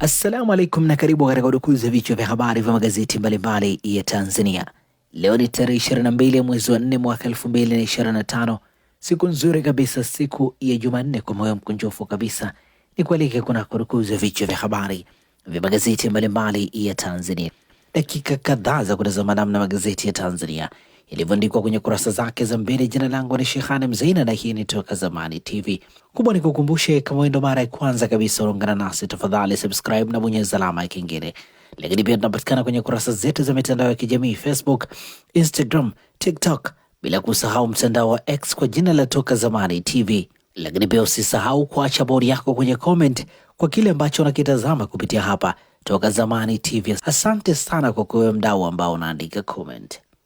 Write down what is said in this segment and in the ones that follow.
Assalamu alaikum na karibu katika udukuzi ya vichwa vya habari vya magazeti mbalimbali ya Tanzania. Leo ni tarehe 22 ya mwezi wa 4 mwaka 2025, siku nzuri kabisa, siku ya Jumanne. Kwa moyo mkunjofu kabisa ni kualike kuna kudukuzi ya vichwa vya habari vya magazeti mbalimbali ya Tanzania, dakika kadhaa za kutazama namna magazeti ya Tanzania ilivyoandikwa kwenye kurasa zake za mbele. Jina langu ni Shehane Mzaina na hii ni Toka Zamani TV. Kubwa ni kukumbushe, kama ndo mara ya kwanza kabisa unaungana nasi, tafadhali subscribe na bonyeza alama ya kengele. Lakini pia tunapatikana kwenye kurasa zetu za mitandao ya kijamii Facebook, Instagram, TikTok, bila kusahau mtandao wa X kwa jina la Toka Zamani TV. Lakini pia usisahau kuacha bodi yako kwenye comment kwa kile ambacho unakitazama kupitia hapa Toka Zamani TV. Asante sana kwa kuwe mdau ambao unaandika comment.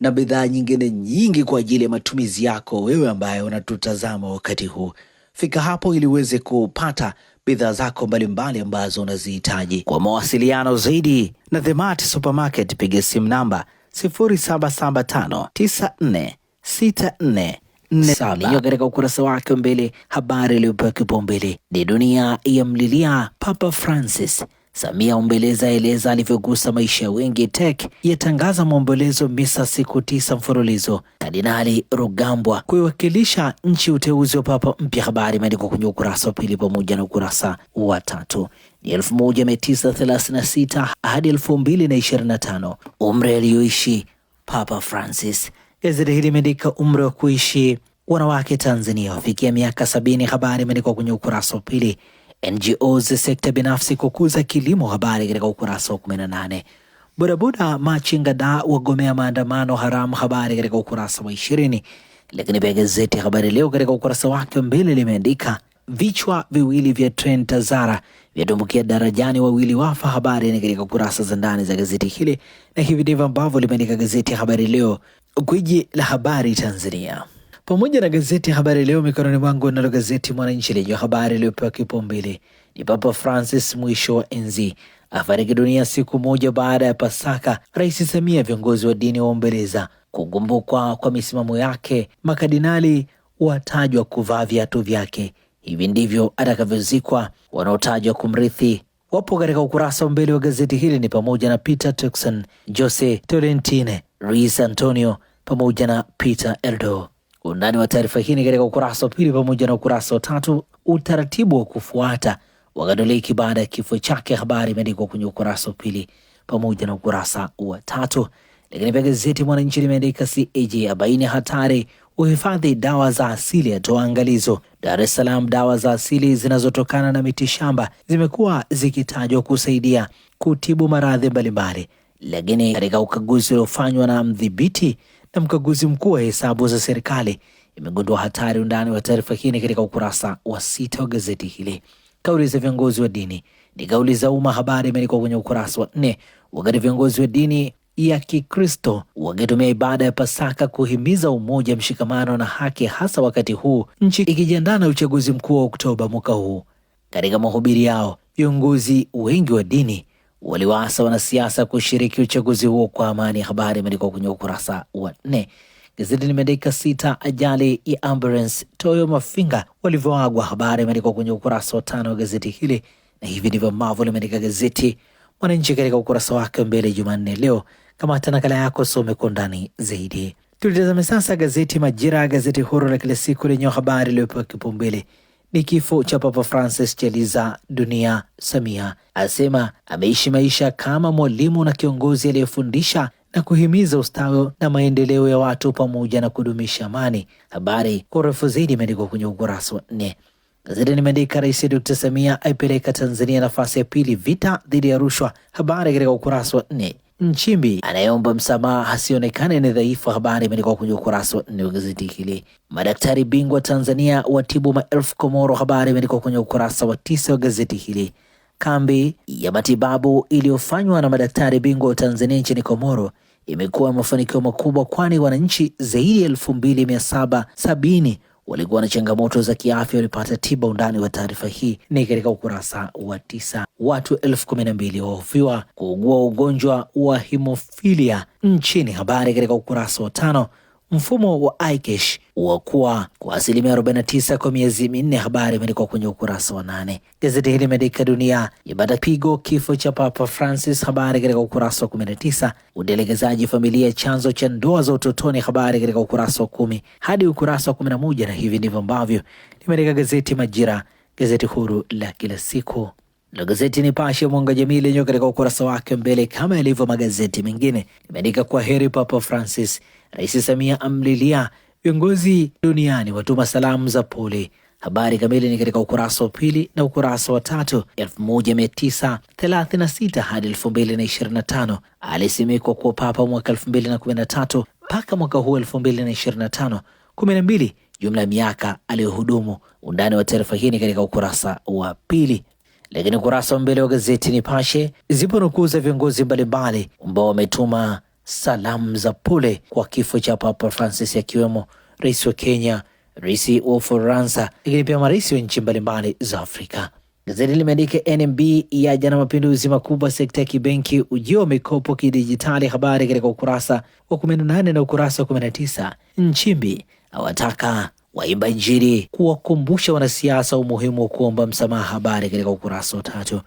na bidhaa nyingine nyingi kwa ajili ya matumizi yako wewe ambaye unatutazama wakati huu. Fika hapo ili uweze kupata bidhaa zako mbalimbali ambazo unazihitaji. Kwa mawasiliano zaidi na The Mart Supermarket, piga simu namba 0775946447 katika ukurasa wake mbele, habari iliyopewa kipaumbele ni dunia ya mlilia Papa Francis Samia Ombeleza eleza alivyogusa maisha wengi. TEC yatangaza maombolezo misa siku tisa mfululizo. Kardinali Rugambwa kuiwakilisha nchi uteuzi wa papa mpya. Habari imeandikwa kwenye ukurasa wa pili pamoja na ukurasa wa tatu. Ni 1936 hadi 2025 umri aliyoishi Papa Francis. Gazeti hili imeandika umri wa kuishi wanawake Tanzania wafikia miaka sabini. Habari imeandikwa kwenye ukurasa wa pili. NGOs, sekta binafsi kukuza kilimo, habari katika ukurasa wa 18. Bodaboda machingada wagomea maandamano haramu, habari katika ukurasa wa 20. Lakini pia gazeti Habari Leo katika ukurasa wake wa mbele limeandika vichwa viwili vya tren Tazara vyatumbukia darajani, wawili wafa. Habari ni katika kurasa za ndani za gazeti hili, na hivi ndivyo ambavyo limeandika gazeti Habari Leo, gwiji la habari Tanzania pamoja na gazeti ya Habari Leo mikononi mwangu. Nalo gazeti Mwananchi lenye habari iliyopewa kipaumbele ni Papa Francis mwisho wa enzi afariki dunia siku moja baada ya Pasaka. Rais Samia, viongozi wa dini waombeleza kukumbukwa kwa misimamo yake. makadinali watajwa kuvaa viatu vyake. Hivi ndivyo atakavyozikwa. Wanaotajwa kumrithi wapo katika ukurasa wa mbele wa gazeti hili ni pamoja na Peter Turkson, Jose Tolentine, Luis Antonio pamoja na Peter Eldo. Undani wa taarifa hii ni katika ukurasa wa pili pamoja na ukurasa wa tatu, utaratibu wa kufuata wa Katoliki baada ya kifo chake. Habari imeandikwa kwenye ukurasa wa pili pamoja na ukurasa wa tatu. Lakini pia gazeti Mwananchi limeandika CAG abaini hatari uhifadhi dawa za asili yatoa angalizo. Dar es Salaam, dawa za asili zinazotokana na miti shamba zimekuwa zikitajwa kusaidia kutibu maradhi mbalimbali, lakini katika ukaguzi uliofanywa na mdhibiti na mkaguzi mkuu wa hesabu za serikali imegundua hatari. Undani wa taarifa hii ni katika ukurasa wa sita wa gazeti hili. Kauli za viongozi wa dini ni kauli za umma, habari imeandikwa kwenye ukurasa wa nne, wakati viongozi wa dini ya Kikristo wakitumia ibada ya Pasaka kuhimiza umoja, mshikamano na haki, hasa wakati huu nchi ikijiandaa na uchaguzi mkuu wa Oktoba mwaka huu. Katika mahubiri yao, viongozi wengi wa dini waliwaasa wanasiasa kushiriki uchaguzi huo kwa amani. Habari imeandikwa kwenye ukurasa wa nne. Gazeti limeandika sita ajali ya ambulance Toyo Mafinga walivyoagwa. Habari imeandikwa kwenye ukurasa wa tano wa gazeti hili, na hivi ndivyo ambavyo limeandika gazeti Mwananchi katika ukurasa wake mbele Jumanne leo. Kama hata nakala yako some kwa ndani zaidi. Tulitazame sasa gazeti Majira, gazeti huru la kila siku lenye habari iliyopewa kipaumbele ni kifo cha Papa Francis chaliza dunia. Samia asema ameishi maisha kama mwalimu na kiongozi aliyefundisha na kuhimiza ustawi na maendeleo ya watu pamoja na kudumisha amani. Habari kwa urefu zaidi imeandikwa kwenye ukurasa wa nne. Gazeti limeandika Rais Dr Samia aipeleka Tanzania nafasi ya pili vita dhidi ya rushwa, habari katika ukurasa wa nne. Nchimbi anayeomba msamaha asionekane ni dhaifu. Habari imeandikwa kwenye ukurasa wa nne wa gazeti hili. Madaktari bingwa Tanzania watibu maelfu Komoro. Habari imeandikwa kwenye ukurasa wa tisa wa gazeti hili. Kambi ya matibabu iliyofanywa na madaktari bingwa wa Tanzania nchini Komoro imekuwa mafanikio makubwa, kwani wananchi zaidi ya elfu mbili mia saba sabini walikuwa na changamoto za kiafya walipata tiba. Undani wa taarifa hii ni katika ukurasa wa tisa. Watu elfu kumi na mbili wahofiwa kuugua ugonjwa wa himofilia nchini, habari katika ukurasa wa tano mfumo wa iCash uokuwa kwa asilimia 49 kwa miezi minne. Habari imeandikwa kwenye ukurasa wa nane. Gazeti hili limeandika dunia imepata pigo kifo cha Papa Francis, habari katika ukurasa wa 19. Utelekezaji familia chanzo cha ndoa za utotoni, habari katika ukurasa wa kumi hadi ukurasa wa 11, na hivi ndivyo ambavyo limeandika gazeti Majira, gazeti huru la kila siku la gazeti Nipashe Mwanga Jamii lenyewe katika ukurasa wake mbele, kama yalivyo magazeti mengine, imeandika kwa heri Papa Francis, Rais Samia amlilia viongozi duniani, watuma salamu za pole. Habari kamili ni katika ukurasa wa pili na ukurasa wa tatu. 1936 hadi 2025 alisimikwa kuwa papa mwaka 2013 mpaka mwaka huu 2025, mbili jumla ya miaka aliyohudumu. Undani wa taarifa hii ni katika ukurasa wa pili. Lakini ukurasa wa mbele wa gazeti Nipashe zipo nukuu za viongozi mbalimbali ambao wametuma salamu za pole kwa kifo cha Papa Francis, akiwemo rais wa Kenya, rais wa Ufaransa, lakini pia marais wa nchi mbalimbali za Afrika. Gazeti limeandika NMB ya jana mapinduzi makubwa sekta ya kibenki, ujio wa mikopo kidijitali, habari katika ukurasa wa 18 na ukurasa wa 19. Nchimbi awataka waimba Injili, kuwakumbusha wanasiasa umuhimu wa kuomba msamaha. Habari katika ukurasa wa tatu.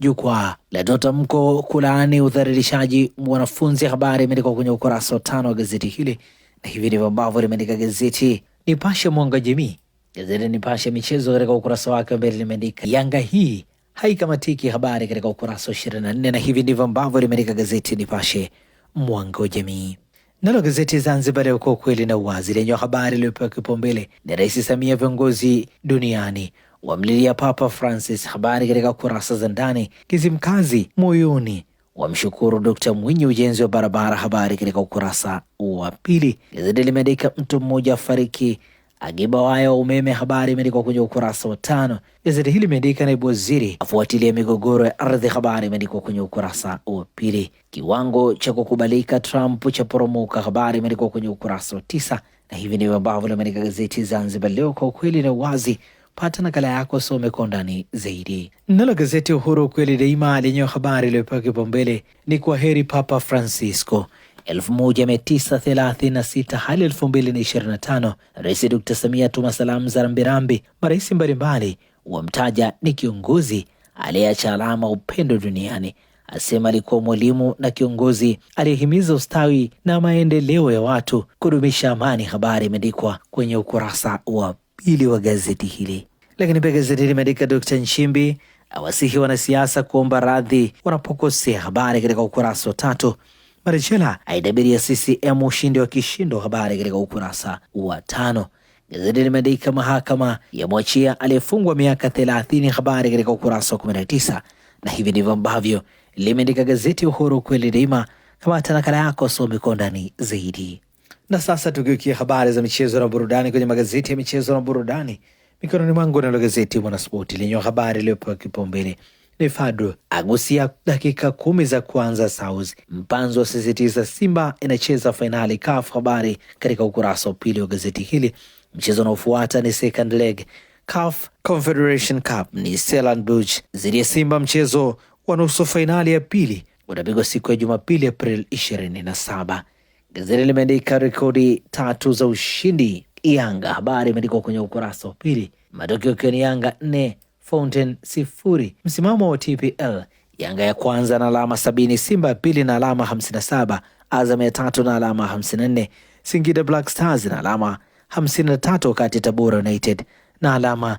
Jukwaa latoa tamko kulaani udhalilishaji wanafunzi. Habari imeandikwa kwenye ukurasa wa tano wa gazeti hili, na hivi ndivyo ambavyo limeandika gazeti Nipashe Mwanga Jamii. Gazeti Nipashe Michezo katika ukurasa wake wa mbele limeandika Yanga hii haikamatiki, habari katika ukurasa wa ishirini na nne na hivi ndivyo ambavyo limeandika gazeti Nipashe Mwanga wa Jamii. Nalo gazeti Zanzibar Leo, kwa ukweli na uwazi, lenye habari iliyopewa kipaumbele ni Rais Samia, viongozi duniani wamlilia Papa Francis. Habari katika kurasa za ndani. Kizimkazi moyoni wamshukuru Dkt Mwinyi, ujenzi wa barabara. Habari katika ukurasa wa pili. Gazeti limeandika mtu mmoja afariki Akiba waya wa umeme, habari imeandikwa kwenye ukurasa wa tano. Gazeti hili limeandika naibu waziri afuatilia migogoro ya ardhi, habari imeandikwa kwenye ukurasa wa pili. Kiwango cha kukubalika Trump cha poromoka, habari imeandikwa kwenye ukurasa wa tisa, na hivi ndivyo ambavyo limeandika gazeti Zanzibar Leo, kwa ukweli na uwazi. Pata nakala yako, some kwa undani zaidi. Nalo gazeti Uhuru kweli daima lenyewe habari iliyopewa kipaumbele ni kwa heri Papa Francisco 1936 hadi 2025, Rais Dr. Samia tuma salamu za rambirambi. Marais mbalimbali wamtaja ni kiongozi aliyeacha alama upendo duniani, asema alikuwa mwalimu na kiongozi aliyehimiza ustawi na maendeleo ya watu, kudumisha amani. Habari imeandikwa kwenye ukurasa wa pili wa gazeti hili, lakini pia gazeti limeandika Dr. Nchimbi awasihi wanasiasa kuomba radhi wanapokosea. Habari katika ukurasa wa tatu. Marechela aitabiria CCM ushindi wa kishindo, habari katika ukurasa wa tano. Gazeti limeandika mahakama yamwachia aliyefungwa miaka 30, habari katika ukurasa wa 19, na hivi ndivyo ambavyo limeandika gazeti Uhuru kweli daima. Kamata nakala yako, some kwa ndani zaidi. Na sasa tukiukia habari za michezo na burudani kwenye magazeti ya michezo na burudani mikononi mwangu, nalo gazeti Mwanaspoti lenye habari iliyopewa kipaumbele Nefadro agusia dakika kumi za kwanza. South Mpanzo asisitiza Simba inacheza fainali CAF. Habari katika ukurasa wa pili wa gazeti hili. Mchezo unaofuata ni second leg CAF Confederation Cup ni Stellenbosch dhidi ya Simba. Mchezo wa nusu fainali ya pili unapigwa siku ya Jumapili, Aprili 27. Gazeti limeandika rekodi tatu za ushindi Yanga. Habari imeandikwa kwenye ukurasa wa pili, matokeo ikiwa ni Yanga nne Fountain sifuri. Msimamo wa TPL Yanga ya kwanza na alama sabini, Simba ya pili na alama 57, Azam ya tatu na alama nne, Singida Black Stars na alama tatu, wakati Tabora United na alama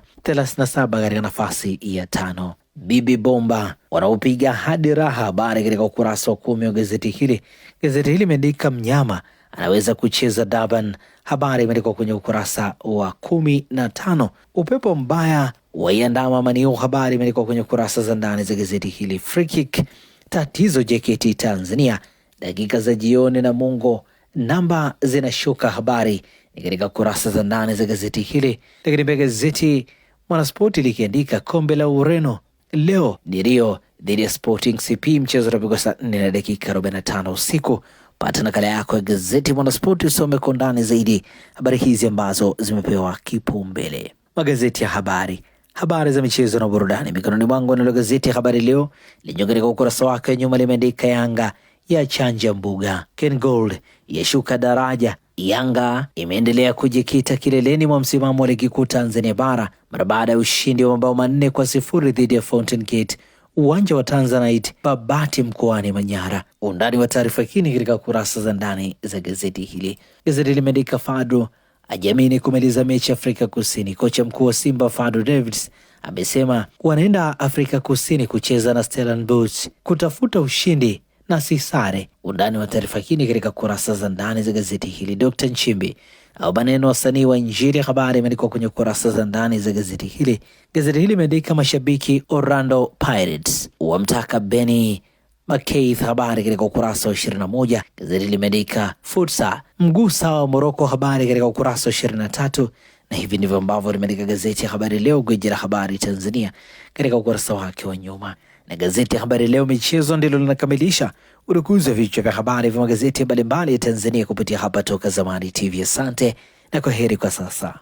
saba katika nafasi ya tano. Bibi Bomba wanaopiga hadi raha, habari katika ukurasa wa kumi wa gazeti hili. Gazeti hili imeandika mnyama anaweza kucheza Durban, habari imeandikwa kwenye ukurasa wa kumi na tano. Upepo mbaya waiandama manio. Habari imeandikwa kwenye kurasa za ndani za gazeti hili. Free kick tatizo JKT Tanzania, dakika za jioni na Mungo namba zinashuka. Habari ni katika kurasa za ndani za gazeti hili. Lakini pia gazeti Mwanaspoti likiandika kombe la Ureno leo ni Rio dhidi ya Sporting CP, mchezo utapigwa saa 4 na dakika 45 usiku. Pata nakala yako ya gazeti Mwanaspoti usome kwa undani zaidi habari hizi ambazo zimepewa kipaumbele. Magazeti ya habari habari za michezo na burudani mikononi mwangu. Nalo gazeti ya Habari Leo lenyewe katika ukurasa wake nyuma limeandika Yanga ya chanja mbuga, Ken Gold yashuka daraja. Yanga imeendelea kujikita kileleni mwa msimamo wa ligi kuu Tanzania bara mara baada ya ushindi wa mabao manne kwa sifuri dhidi ya Fountain Gate uwanja wa Tanzanite Babati mkoani Manyara. Undani wa taarifa hii katika kurasa za ndani za gazeti hili. Gazeti limeandika Fadlu ajiamini kumaliza mechi Afrika Kusini. Kocha mkuu wa Simba Fadlu Davids amesema wanaenda Afrika Kusini kucheza na Stellenbosch kutafuta ushindi na si sare. Undani wa taarifa hii katika kurasa za ndani za gazeti hili. Dr Nchimbi au maneno wasanii wa Injili. Habari imeandikwa kwenye kurasa za ndani za gazeti hili. Gazeti hili imeandika mashabiki Orlando Pirates wamtaka Benny Makeith. Habari katika ukurasa wa moja. Gazeti limeandika fursa mgusa wa Moroko, habari katika ukurasa wa 23, na hivi ndivyo ambavyo limeandika gazeti ya Habari Leo, gwiji la habari Tanzania, katika ukurasa wake wa nyuma. Na gazeti ya Habari Leo michezo ndilo linakamilisha urukuzi wa vichwa vya habari vya magazeti mbalimbali ya Tanzania kupitia hapa Toka Zamani TV. Asante na kwa heri kwa sasa.